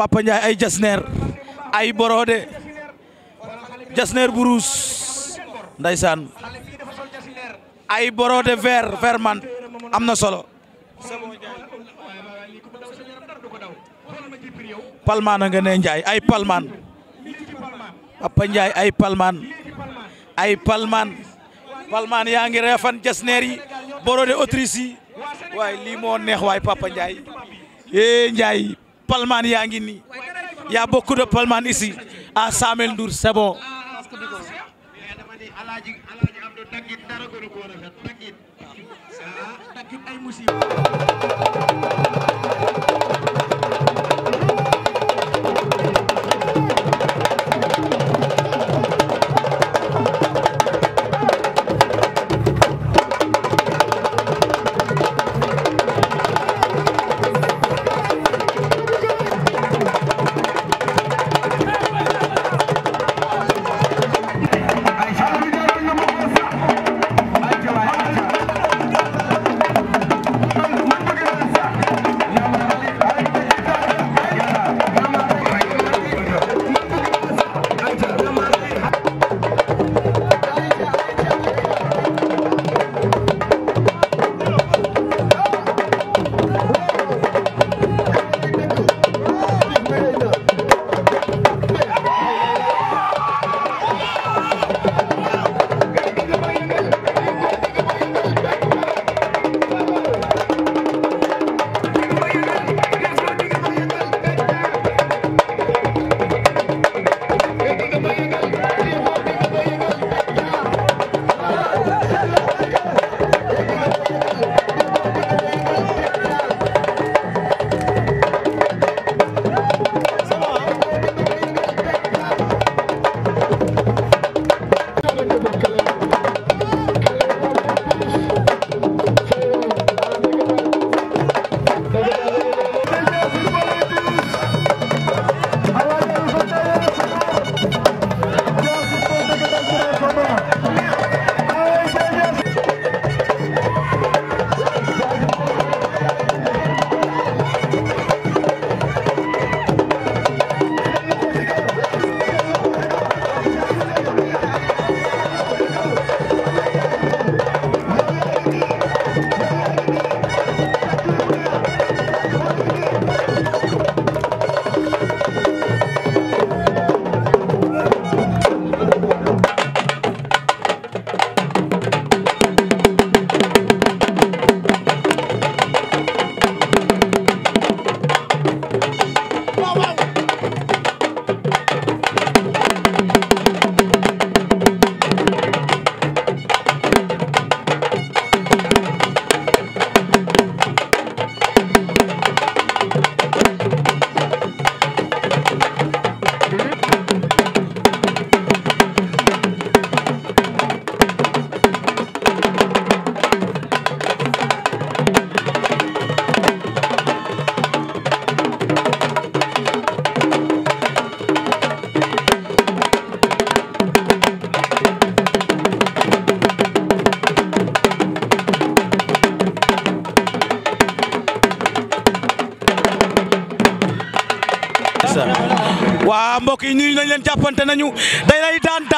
Papa Ndiaye ay jasneer ay borode jasneer bu ruus ndaysaan ay borode vert vert man am na solo palmaan a nga ne Ndiaye ay palmaan Papa Ndiaye ay palmaan ay palmaan palmaan yaa ngi reefan jasneer yi borode autrice yi waaye lii moo neex waay Papa Ndiaye eh Ndiaye palman yaa ngi nii y a beaucoup de palman ici à Samel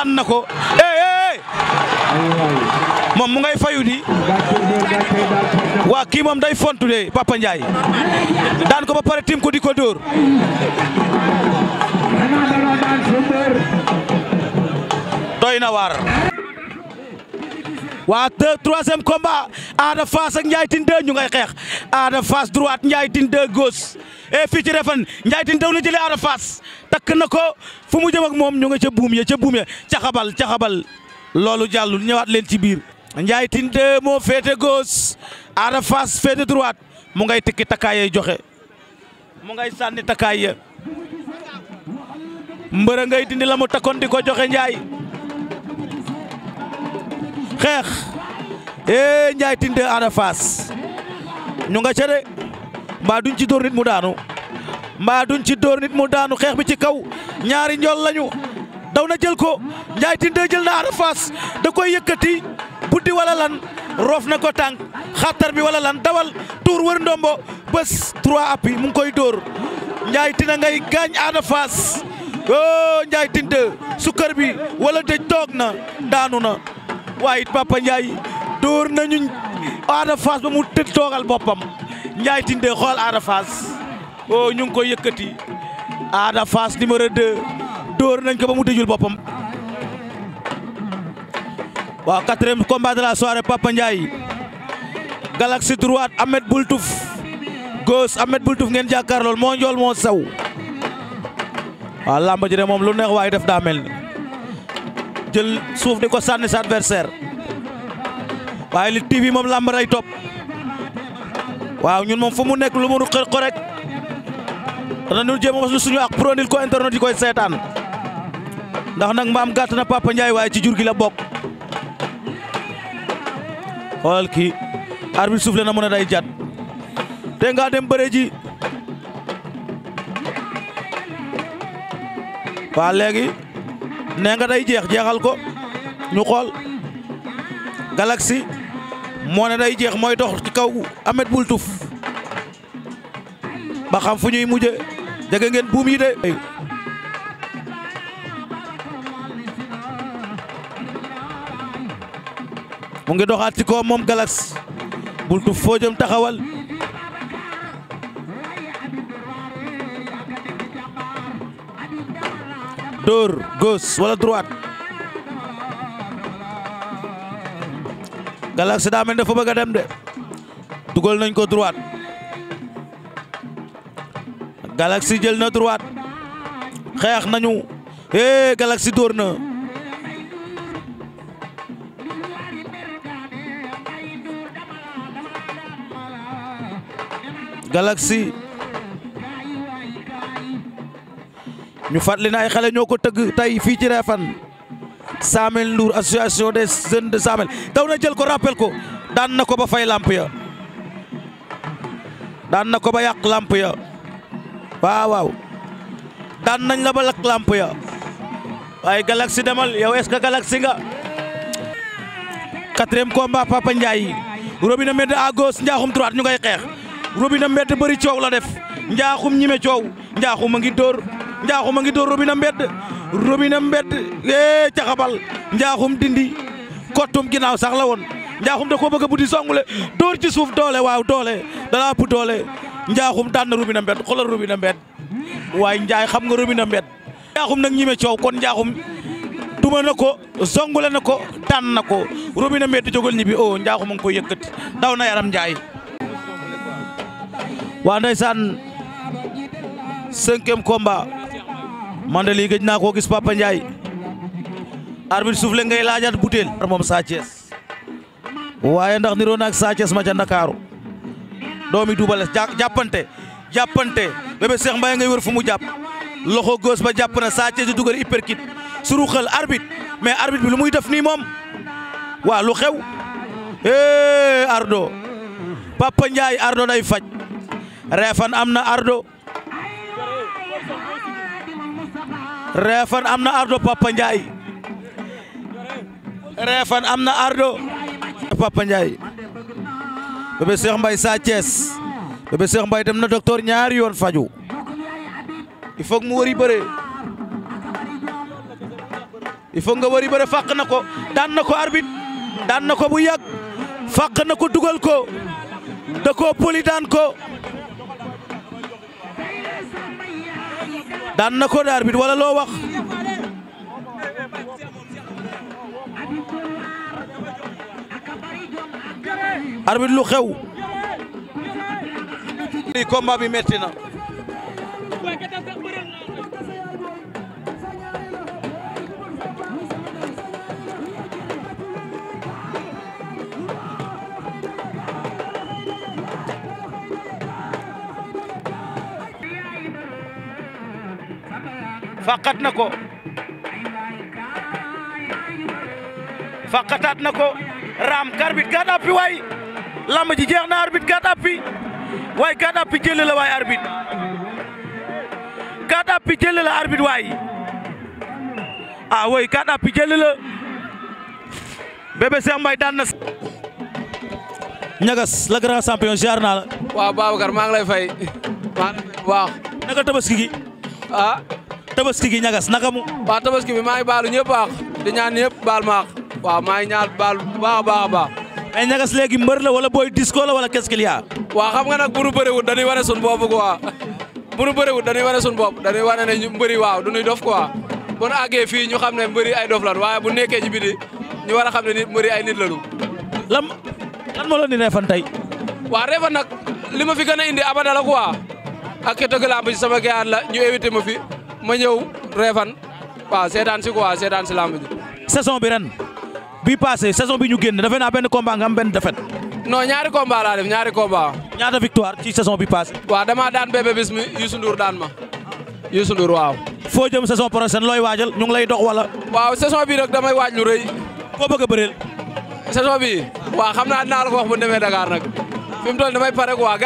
daan na ko eh moom mu ngay fayu di waa kii moom day fontu de Papa Ndiaye daan ko ba pare tim di ko dóor doy na waar waa deux troisième combat Ada Fass ak Ndiaye Tine ñu ngay xeex Ada Fass droite Ndiaye Tine 2 gauche e fii ci Refane Ndiaye Tine daw na jëlee Ada takk na ko fu mu jëm ak moom ñu nga ca buum ya ca buum ya ca xabal ca xabal loolu jàllul ñëwaat leen ci biir Ndiaye Tine moo féete gauche Ada Fass droite mu ngay tikki takkaay joxe mu ngay sànni takkaay ya ngay dindi la mu takkoon di ko joxe Ndiaye xeex ee Ndiaye Tine de ñu nga ca de mbaa duñ ci dóor nit mu daanu mbaa duñ ci dóor nit mu daanu xeex bi ci kaw ñaari njool lañu daw na jël ko Ndiaye Tinde jël na Ada da koy yëkkati buddi walla lan roof na ko tànk xattar bi wala lan dawal tuur wër ndombo bés trois appuis mu ngi koy dóor Ndiaye Tinde ngay gaañ Ada Fass oh Ndiaye Tinde bi wala dëj toog na daanu na waaye it Papa Ndiaye dóor nañu Ada ba mu tëdd toogal boppam. Ndiaye Tinde xool Ada Fass oh ñu ngi koy yëkkati Ada Fass numéro 2 dóor nañ ko ba mu tëjul boppam. waaw quatrième combat de la soirée Papa Ndiaye Galaxy droite Ahmed Boultouf gauche Ahmed Boultouf ngeen jàkkaar lool moo njool moo saw waaw làmb moom lu neex waaye def daa mel ni jël suuf di ko sànni sa adversaire waaye li TV moom làmbaray top waaw ñun moom fu mu nekk lu mu xër ko rek danañu jéem a suñu ak pour ko internet yi koy seetaan ndax nag mbaam gàtt na Papa Ndiaye waaye ci jur gi la bokk xoolal kii arbitre soufflé na mën a day jat te nga dem bëre ji waa léegi nee nga day jeex jeexal ko ñu xool Galaxy moo ne ay jeex mooy dox ci kaw Amet bul tuf ba xam fu ñuy mujje jege ngeen buum yi de mu ngi doxaat ci kaw moom Galax bul foo jëm taxawal dóor gauche wala droite Galaxy daa mel dafa bëgg dem de dugal nañ ko droite Galaxy jël na droite xeex nañu eh Galaxy dóor na Galaxy ñu fàttali na xale ñoo ko tëgg tey fii ci Réfane Samel Ndour association des jeunes de Samel daw na jël ko rappel ko daan na ko ba fay lamp ya daan na ko ba yàq lamp ya waaw waaw daan nañ la ba lakk lamp ya waaye Galaxy demal yow est-ce que Galaxy nga quatrième combat Papa Ndiaye Robina Mbedd à gauche Ndiakhoum ñu ngay xeex Robina Mbedd bëri coow la def njaaxum ñime coow Ndiakhoum a ngi dóor Ndiakhoum a ngi dóor Robina Mbedd robina mbedd ee eh, caxabal njaaxum dindi kottum ginnaaw sax la woon njaxum da ko bëgg a buddi songule dóor ci suuf doole waaw doole dalaa bu doole njaaxum daan na robina mbedd xoolal robina mbedd waaye njaay xam nga robina mbedd njaaxum nag ñime coow kon njaaxum duma na ko songule na ko daan na ko robina mbedd jógal ñibbi o oh, njaaxum a yëkkati daw na yaram njaay waa ndeysaan cinquième combat man de lii gëj naa koo gis Papa Ndiaye arbitre suuf le ngay laajaat butéel moom Sa waaye ndax niroo naag Sa Thiès ma ca Ndakaaru doomi duubales jàppante jàppante bébé Cheikh Mbaye ngay wër fu mu jàpp loxo gauche ba jàpp na Sa Thiès di dugal uppercut suru xel arbitre mais arbitre bi lu muy def nii moom waa lu xew eh Ardo Papa Ndiaye Ardo day faj reefan am na Ardo Réfane am na ardo Papa Ndiaye Réfane am na ardo Papa Ndiaye Bébé Cheikh Mbaye Sa Thiès Bébé Cheikh Mbaye dem na docteur ñaari yoon faju il faut mu wari bëre il faut nga wari bëre fàq na ko daan na ko arbitre daan na ko bu yàgg fàq na ko dugal ko da koo poli daan ko daan na ko daar bit wala loo wax arbitre lu xew combat bi metti na faqat na ko faqataat na raam karbit gaa dappi waay lamb ji jeex na arbit gaa dappi waay gaa dappi jël la arbit gaa dappi jël arbit waay ah waay gaa dappi jël la Bébé Cheikh daan na ñagas la grand champion jaar naa la waaw Babacar maa ngi lay fay maa ngi tabaski gi ñagas naka mu. waaw tabaski bi maa ngi baalu ñëpp baax di ñaan ñëpp baal maax waaw maa ngi baal baax a baax a baax. mais ñagas léegi mbër la wala booy disco la wala quest a. waaw xam nga nag bu nu bëriwul dañuy wane suñu bopp quoi bu nu bëriwul dañuy wane suñu bopp dañuy wane ne ñu mbëri waaw du ñuy dof quoi bu nu àggee ñu xam ne mbëri ay dof lan waaye bu nekkee ci biti ñu war a xam ne nit mbëri ay nit lañu. lan lan moo leen di reefan tey. waaw reefan nag ma fi gën a indi abada la quoi ak tëgg làmb ci sama gaan la ñu évité ma ma ñëw reefan waaw seetaan si quoi seetaan si lamb ji. saison bi ren bi passé ñu génn defe naa benn combat am benn défaite. non ñaari combat laa ñaari combat. ñaata victoire ci saison bi passé. waa damaa daan bébé bis mi Youssou Ndour daan ma Youssou Ndour waaw. foo jëm saison prochaine looy waajal ñu ngi lay dox wala. waaw saison bi nag damay waaj lu rëy. koo bëgg a bëreel. saison bi waaw xam naa dinaa la ko wax bu demee Dakar nag fi mu toll damay pare quoi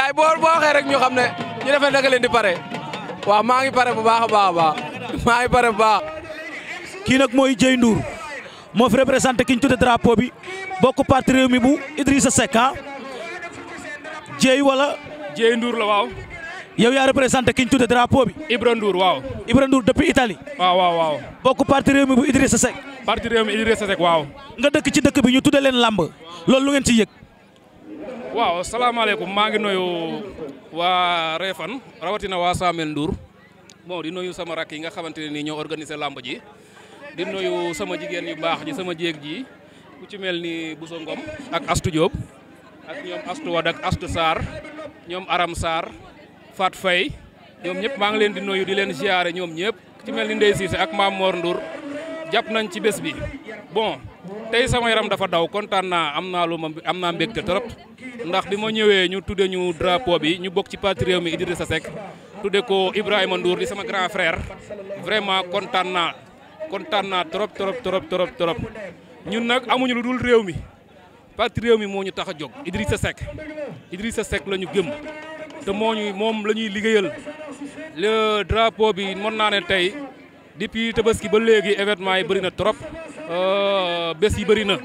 rek ñu xam ne ñu defee naka leen di pare. waaw maa ngi pare bu baax a baax a baax maa kii nag mooy Dieye Ndour moo fi représenté ki ñu tudde drapeau bi bokk parti réew mi bu Idrissa Seck ah Dieye wala. Dieye Ndour la waaw. yow yaa représenté ki ñu tudde drapeau bi. Ibra Ndour waaw. Ibra Ndour depuis Italie. waaw waaw waaw. bokk parti réew mi bu Idrissa Seck. parti réew mi waaw. nga dëkk ci dëkk bi ñu tudde leen làmb loolu lu ngeen ci yëg. waaw salaamaaleykum maa ngi nuyu waa Réfane rawatina waa Samel nduur bon di nuyu sama rakk yi nga xamante ne nii ñoo organiser làmb ji di nuyu sama jigéen yu baax ji sama jéeg ji ku ci mel ni Bousso Ngom ak Astu Diop ak ñoom Astu Wad ak Astu Sarr ñoom Aram saar faat Faye ñoom ñëpp maa ngi leen di nuyu di leen ziare ñoom ñëpp ci mel ni Ndeye Cissé ak Mame Mor Ndour jàpp nañ ci bés bi bon. tey sama yaram dafa daw kontaan naa am naa lu ma am naa mbégte trop ndax di ma ñëwee ñu tudde ñu drapeau bi ñu bokk ci parti réew mi Idrissa Seck tudde ko Ibrahima Ndour di sama grand frère vraiment kontaan naa kontaan naa trop trop trop trop trop ñun nag amuñu lu dul réew mi parti réew mi moo ñu tax a jóg Idrissa Seck Idrissa Seck la ñu gëm te moo ñu moom lañuy liggéeyal le drapeau bi mën naa ne tey depuis tabaski ba léegi événement yi bëri na trop. Euh, bés yi bëri na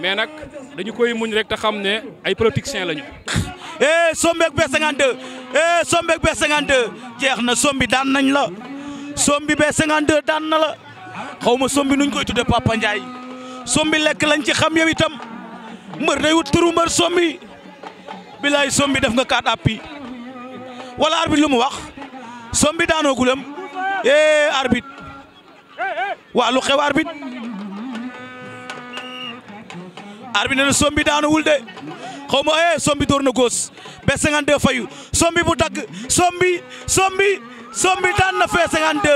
mais nag dañu koy muñ rek te xam ne ay politiciens lañu. eh Sombeeg B52 eh Sombeeg B52 jeex na sombi daan nañ la sombi B52 daan na la xaw ma sombi nuñ koy tuddee Papa Ndiaye sombi lekk lañ ci xam yow itam mbër day wut turu mbër sombi bilaay sombi def nga kaat appi wala arbitre lu mu wax sombi daanoo gulem eh waa lu xew arbitre. arbitre nee na sombi daanuwul de xaw ma eh sombi door na góos B52 fayu sombi bu dagg sombi sombi sombi daan na B52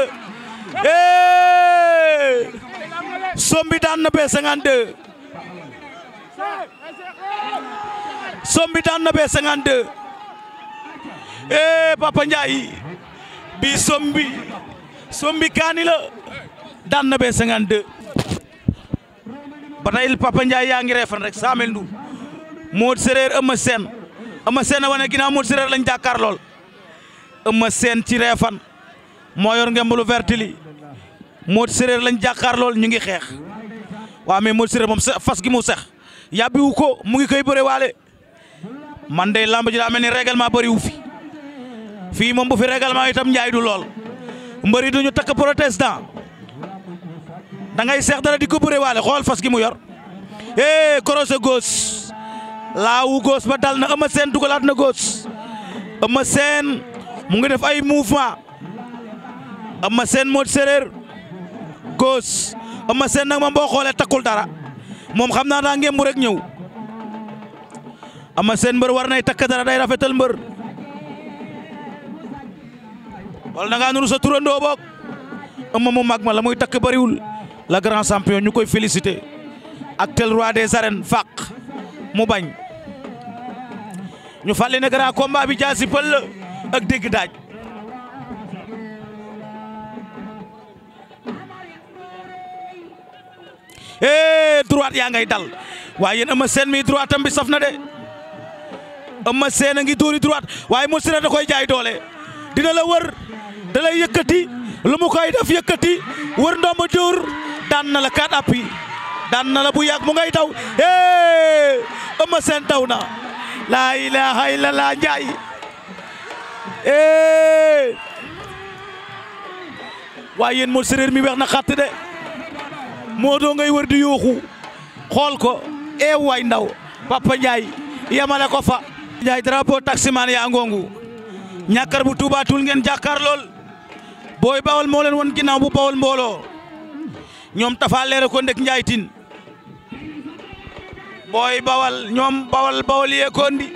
eh sombi daan na B52 sombi daan na B52 eh Papa ba tey Papa Ndiaye yaa ngi reefan rek saamel ndu Modou Séréer Eumeu Sène Eumeu Sène a wane ginnaaw Modou Séréer lañ jàkkaar lool Eumeu Sène ci reefan moo yor ngembulu vert li Modou Séréer lañ jàkkaar lool ñu ngi xeex waaw mais Modou Séréer moom fas gi mu sex yàbbiwu ko mu ngi koy bëre waale man de lamb ji daa mel ni règlement bëriwu fi fii moom bu fi règlement itam njaay du lool mbëri duñu takk protestant da ngay seex dara di ko bëree waale xool fas gi mu yor eh korose góos laawu góos ba dal na Eumeu Sène dugalaat na góos Eumeu Sène mu ngi def ay mouvement Eumeu seen moo séréer góos Eumeu Sène nag moom boo xoolee takkul dara moom xam naa daa ngembu rek ñëw Eumeu seen mbër war nay takk dara day rafetal mbër wala da ngaa nuru sa turandoo boog Eumeu mu mag ma la muy takk bariwul la grand champion ñu koy félicité actuel roi des arènes fàq mu bañ ñu fàttali ne grand combat bi jaasi pël la ak dégg daaj eh droite yaa ngay dal waaye yéen Eumeu Sène mi droite am bi saf de Eumeu Sène a ngi dóori droite waaye Moussi da koy jaay doole dina la wër da lay lu mu koy def yëkkati wër ndomba dóor daan na la kat appi na la bu yàgg mu ngay daw hee Eumeu daw na laa la illallah njaay hee waaye yéen moo séréer mi weex na xat de moo doo ngay wër di yooxu xool ko ee eh waay ndaw Papa Njaay yamale ko fa Njaay drapeau taximaan yaa ngongu ñàkkar bu Tuubaa ngeen jàkkaar lool booy bawol moo leen won ginnaaw bu bawol mbooloo ñoom tafa leere ko ndek njaay tin booy bawal ñoom bawal bawal yee ko ndi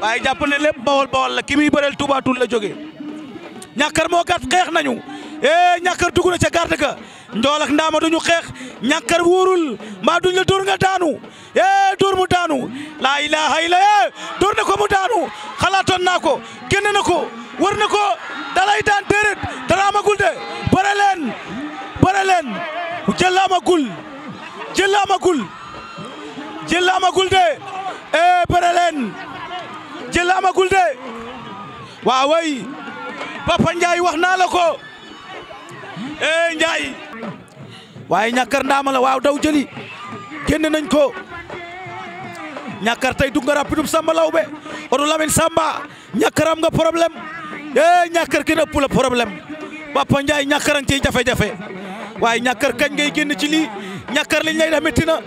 waaye jàpp ne lépp bawal bawal la ki muy tubaatul la jóge ñàkkar moo gàtt xeex nañu ee eh, ñàkkar dugg na ca garde ga njool ak ndaama duñu xeex ñàkkar wóorul mbaa duñ la dóor nga daanu ee eh, dóor mu daanu laa ilaaha illa ee eh, dóor na ko mu daanu xalaatoon naa ko génn na ko war na ko dalay daan déedéet amagul jël amagul jël amagul de eh bëre leen jël amagul de waaw way Papa Ndiaye wax naa la ko eh Ndiaye waaye ñàkkar ndaama la waaw daw jëli génn nañ ko ñàkkar tey dugg nga rapidum Samba Lawbe odu Lamine Samba ñàkkar nga problème eh ñàkkar kenn ëpp la problème Papa Ndiaye ñàkkar ciy jafe-jafe waaye ñàkkar kañ ngay génn ci lii ñàkkar liñ lay demetti na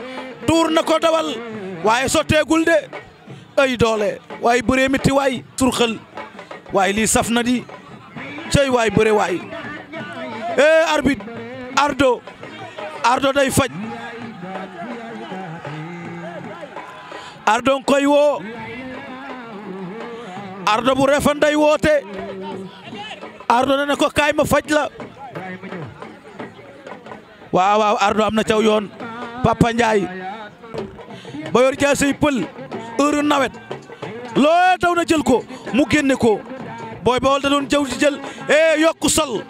tuur na ko dawal waaye sotteegul de ay doole waaye bëree métti waay turxal waaye lii saf na di cey waay bëre waay ee arbitre ardo ardo day faj ardo koy woo ardo bu refan day woote ardo ne na ko kaay ma faj la waaw waaw Ardo am na caw yoon pappanjaay Ndiaye ba pël heure nawet loo taw na jël ko mu génne ko booy bawol da doon jëw ci jël eh yokku sol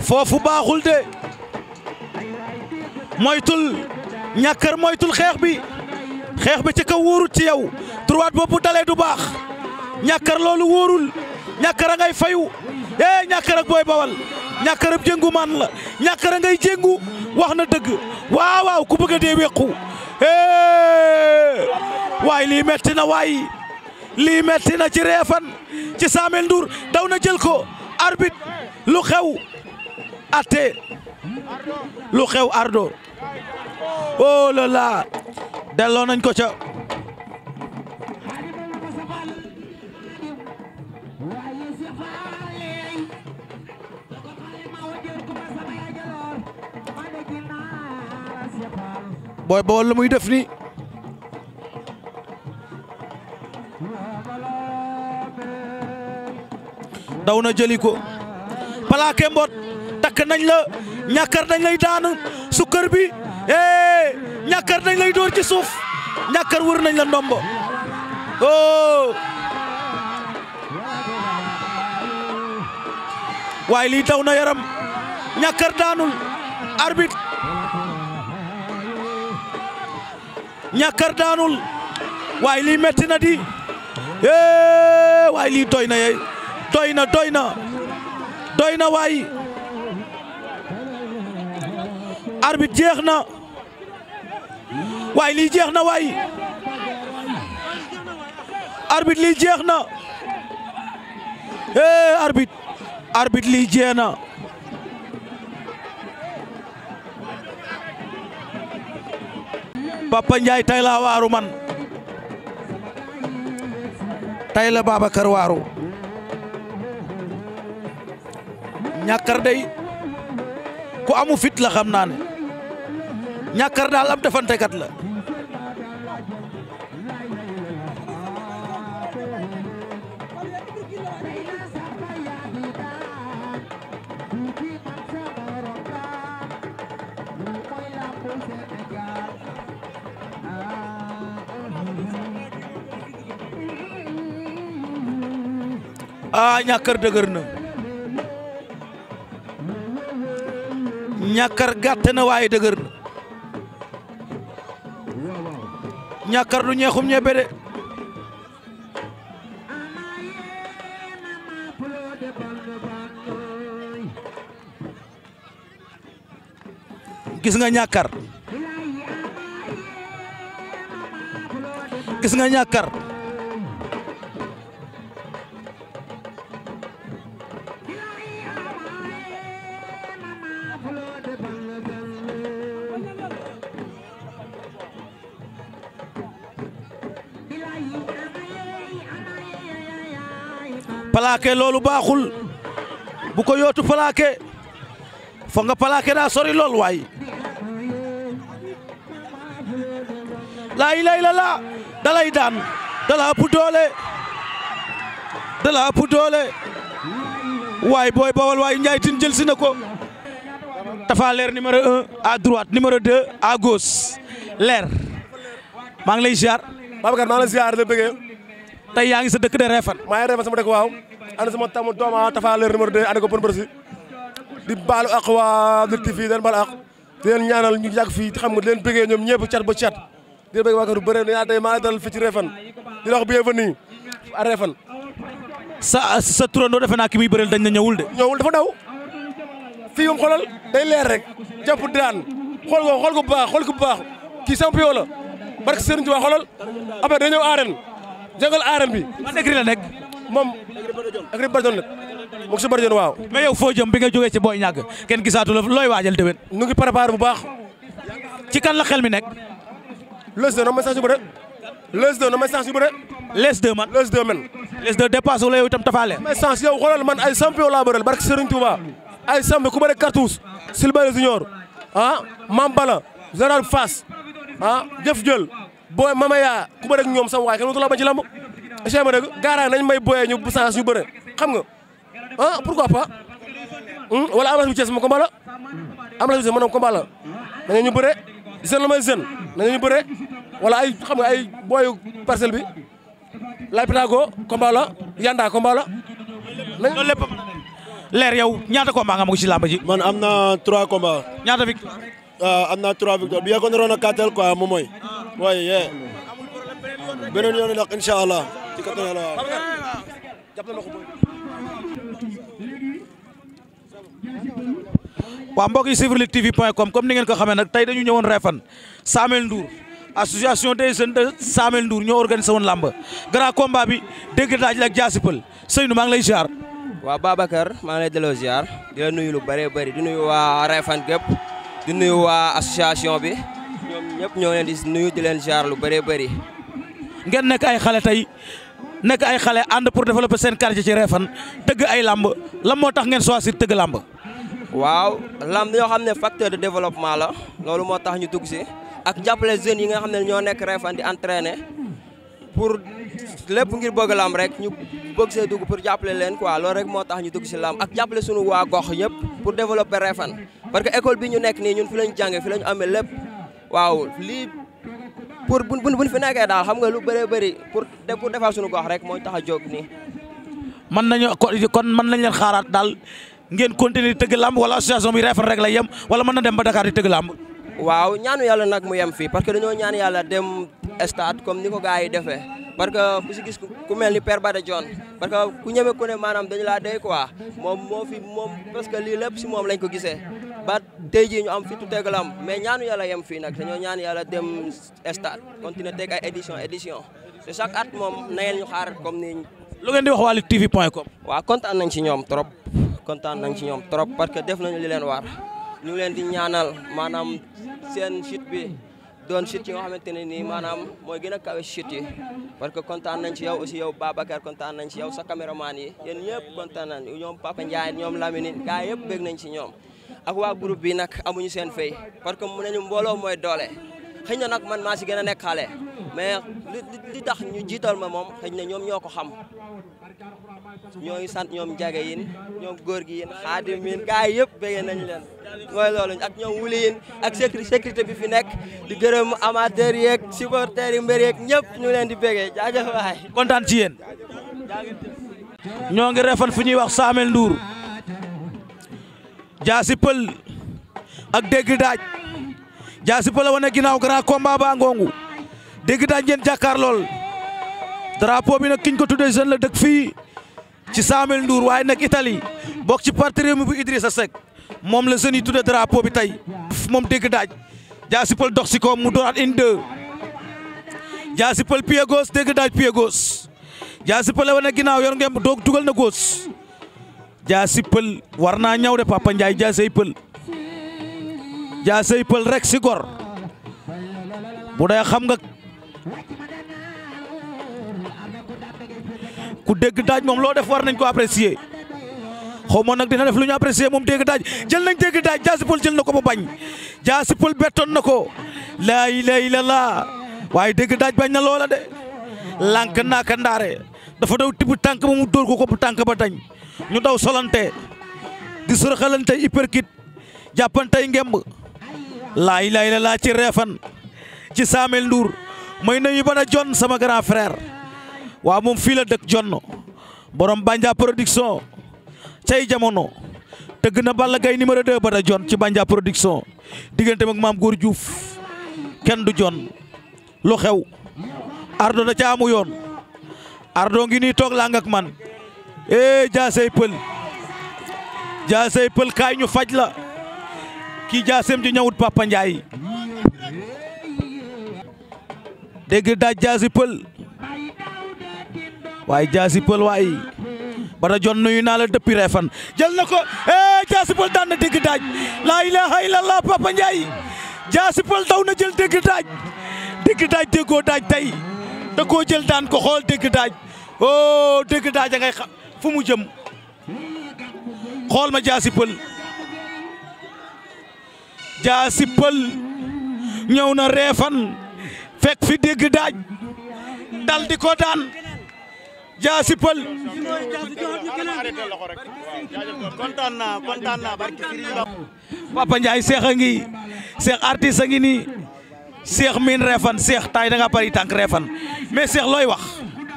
foofu baaxul de moytul ñàkkar moytul xeex bi xeex bi ci kaw wóorut ci yow droite boobu dalee du baax ñàkkar loolu wóorul ñàkkar a ngay fayu eh ñàkkar ak booy bawal ñàkkar ab jëngu man la ñàkkar a ngay jëngu wax na dëgg waaw waaw ku bëgg a dee wequ waay lii metti na waay lii metti na ci reefan ci Saamel Ndour daw na jël ko arbit lu xew atte lu xew ardo oh la la delloo nañ ko ca booy bawol la muy def nii daw na jëli ko plaqué mbot takk nañ la ñàkkar dañ lay daan sukkër bi eh ñàkkar dañ lay dóor ci suuf ñàkkar wër nañ la ndombo oh. waaye lii daw na yaram ñàkkar daanul arbitre ñàkkar daanul waaye lii metti na di é waaye lii doy na yey doy na doy na doy na waay arbitre jeex na waaye lii jeex na waay arbit lii jeex na é arbitre arbitre lii jeex na Papa Ndiaye tey laa waaru man tey la waaru ñàkkar day ku amu fit la xam naa ne ñàkkar daal ab defantekat la ah ñàkkar dëgër na ñàkkar gàtt na waaye dëgër na ñàkkar du ñeexum ñebe de gis nga ñàkkar gis nga ñàkkar plaqué loolu baaxul bu ko yootu plaqué fo nga plaqué daa sori lool waay laa ilaaha illallaah dalay daan dala ëpp doole waay booy bawal waay Ndiaye Tine jël si ko Tapha Leer numéro 1 à droite numéro 2 à gauche Leer maa ngi lay ziar Babacar maa ngi lay ziar la bëggee tey yaa ngi sa dëkk de Réfane ànd sama tamu dooma ah, Tapha Leer numéro 2 ànd ko bon bërësi di baalu ak waa Lutte TV fii den ak di leen ñaanal ñu yàgg fii xam nga di leen bëggee ñoom ñëpp cat ba cat di leen bëgg waa kër bëre na tey maa ngi dalal fii ci di la wax bienvenue à Réfane sa sa turandoo defe naa ki muy bëreel dañ na de ñëwul dafa daw fii moom xoolal day leer rek jàpp daan xool ko xool ko bu baax xool ko bu baax kii champion la barke Serigne Touba xoolal après day ñëw arène jàngal arène bi ban degré la nekk moom ak rib barjon mook si barjon waaw mais yow foo jëm bi nga jógee ci booy ñàgg kenn gisaatu la looy waajal déwén nu ngi bu baax ci kan la xel mi nekk lees deux na may sax si bëre lees deux na may sax si man lees deux man la yow itam tafaale may sax yow xoolal man ay champion laa bëral barke Serigne Touba ay champion ku bëre cartouche Sylvain Junior ah Mambala Gérard Fass ah jëf jël booy Mamaya ku bëre ak ñoom sama waay kenn wutu la ba ci lamb Cheikh ma dëgg gaaraan may booyee ñu bu sens ñu xam nga ah pourquoi pas hmm? wala Ama Baldé bu Thiès ma combat la Ama nañu ñu bëre jeune la may jeune nañu ñu bëre wala ay xam nga ay booyu parcelle bi lay Pitago combat la Yanda combat la. loolu leer yow ñaata combat nga am ko ci làmb ji. man am na trois combats. ñaata victoire. Ah, am na trois victoire bi yeggoon na roon a quatre quoi moom mooy. Ah. waaye yee beneen yoon nag incha allah. ci kàttan yàlla waaw jàpp na mbokk yi suivre Lutte TV com comme ni ngeen ko xamee nag tey dañu ñëwoon Réfane Samel Ndour association des jeunes de Samel Ndour ñoo organisé woon làmb grand combat bi dégg daaj la ak jaasipal Seynou maa lay ziar. waaw Babacar maa ngi lay delloo ziar di la nuyu lu bare bëri di nuyu waa Réfane gépp di nuyu waa association bi ñoom ñëpp ñoo leen di nuyu di leen ziar lu bare bëri. ngeen nekk ay xale tey nekk ay xale ànd pour développer seen quartier ci Réfane tëgg ay làmb lan moo tax ngeen choisir tëgg làmb. waaw làmb yoo xam ne facteur de développement la loolu moo tax ñu dugg si ak jàppale jeunes yi nga xam ne ñoo nekk Réfane di entraîner pour lépp ngir bëgg làmb rek ñu bëgg see dugg pour jàppale leen quoi loolu rek moo tax ñu dugg si làmb ak jàppale sunu waa gox yëpp pour développer Réfane parce que école bi ñu nekk nii ñun fi lañ jànge fi lañ amee lépp pour bu bu fi nekkee daal xam nga lu bëree bëri pour pour defar suñu gox rek mooy tax a jóg nii. mën nañu kon mën nañ leen xaaraat daal ngeen continuer di tëgg làmb wala association bi reefar rek la yem wala mën na dem ba Dakar di tëgg làmb waaw ñaanu yàlla nag mu yem fii parce que dañoo ñaan yàlla dem stade comme ni ko gars yi defee parce que ku si gis ku mel ni Père Bada John parce que ku ñeme ku ne maanaam dañu laa dey quoi moom moo fi moom parce que lii lépp si moom lañ ko gisee ba tey jii ñu am fi tu tegalam mais ñaanu yàlla yem fii nag dañoo ñaan yàlla dem stade continuer teg ay édition édition te chaque at moom na ngeen ñu xaar comme ni lu ngeen di wax waa luttetv.com. waaw kontaan nañ ci ñoom trop kontaan nañ si ñoom trop parce que def nañu li leen war seen chute bi doon chute yi nga xamante ne nii maanaam mooy gën a kawe chute yi parce que kontaan nañ ci yow aussi yow Babacar kontaan nañ ci yow sa caméraman yi yéen ñëpp kontaan nañ ñoom Papa Ndiaye ñoom Lamine gaa yëpp bég nañ ci ñoom ak waa groupe bi nag amuñu seen fay parce que mu nañu mbooloo mooy doole xëy na nag man maa si gën a nekk xale mais li tax ñu jiital ma moom xëy na ñoom ñoo ko xam sant ñoom jage yin ñoom góor gi xaadim yin gars yi yëpp béggee nañ leen mooy loolu ak ñoom wuli yin ak sécurité bi fi nekk di gërëm amateur yeeg supporters yi mbër yeeg ñëpp ñu leen di béggee jaajëf waay kontaan ci yéen ñoo ngi refan fu ñuy wax saamel nduur jaasi pël ak dégg daaj jaasi pël wane ginnaaw grand combat ba ngongu dégg daa ngeen jàkkaar lool drapeau bi nag kiñ ko tuddee jeune la dëkk fii ci Saamel nduur waaye nag Italie bokk ci parti réew mi bu Idrissa moom la jeune yi tuddee drapeau bi tey moom dégg daaj jaasi pël dox si ko mu dooraat une deux jaasi pël pied gauche dégg daaj pied gauche jaasi pël wane ginnaaw yor ngeen doog dugal na gauche jaasi pël war naa ñaw de Papa Ndiaye jaasi pël jaasey pël rek si gor bu dee xam nga ku dégg daaj moom loo def war nañ ko apprécier xaw ma nag dina def lu ñu apprécier moom dégg daaj jël nañ dégg daaj jaasi pël jël na ko ba bañ jaasi pël bettoon na ko laa waaye dégg daaj bañ na loola de lànk naaka ndaare dafa daw tibb tànk ba mu dóor ko kopp tànk ba dañ ñu daw solante di sërxalante hyperkit jàppantey ngemb laa ilaaha illallaah ci reefan ci saamel nduur may nuyu bana jon sama grand frère waaw moom fii la dëkk jonn borom banja production cay jamono tëgg na Balla Gaye numéro 2 bana jon ci bànjaa production diggante ak maam góor Diouf kenn du jon lu xew ardo da ca amu yoon ardo ngi nii toog laa ngak man ee eh, jaasey pël jaasey pël kaay ñu faj la kii jaaseem ji ñëwut Papa Ndiaye dégg daaj jaasi waaye jaasi pël waaye bada jon nuyu naa la depuis reefan jël na ko eh jaasi daan na dégg daaj laa ilaaha illallah Papa Ndiaye jaasi daw na jël dégg daaj dégg daaj tey da koo jël daan ko xool dégg daaj oh dégg daaj a ngay xam fu mu jëm xool ma jaasi jaa sippal ñëw na reefan fekk fi dégg daaj dal di ko daan jaa sippal kontaan naa seex a ngi seex artiste a ngi nii seex miin reefan seex tay da nga bari tànk reefan mais seex looy wax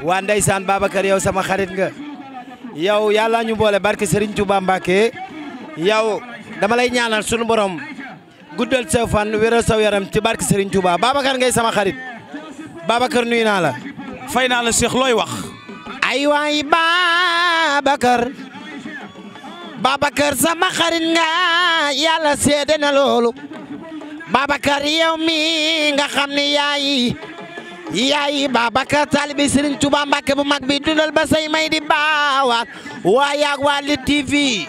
waa ndeysaan Babacar yow sama xarit nga yow yàlla ñu boole barke Serigne Touba Mbacké yow dama lay ñaanal sunu borom guddal sa fan wéral sa yaram ci barke Serigne Touba Babacar ngay sama xarit Babacar nuyu naa la. fay naa la Cheikh looy wax. ay waay Babacar. Babacar sama xarit nga yàlla seede na loolu. Babacar yow mi nga xam ne yaay yaay Babacar taalibi Serigne Touba Mbacke bu mag bi dundal ba say may di baawaat waa yaag waa Lutte TV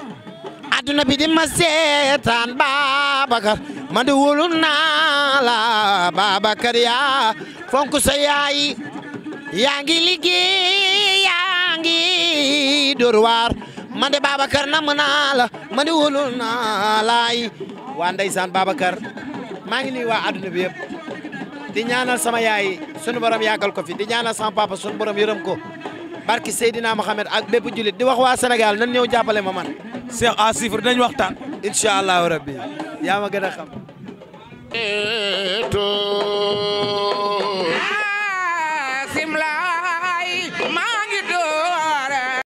adduna bi di ma seetaan Babacar man di naa la Babacar yaa fonk yaay yaa ngi liggéey yaa ngi dóor waar man de Babacar namm la man di wóolu naa laay waa ndeysaan Babacar maa ngi nuyu waa adduna bi yëpp di ñaanal sama yaay sunu borom yàggal ko fi di ñaanal sama papa sunu borom yërëm ko barki Seydina Mohamed ak bépp jullit di wax waa senegal nan ñëw jàppale ma man Cheikh à suivre dinañ waxtaan. incha allahu rabbi yaa ma gën a xam.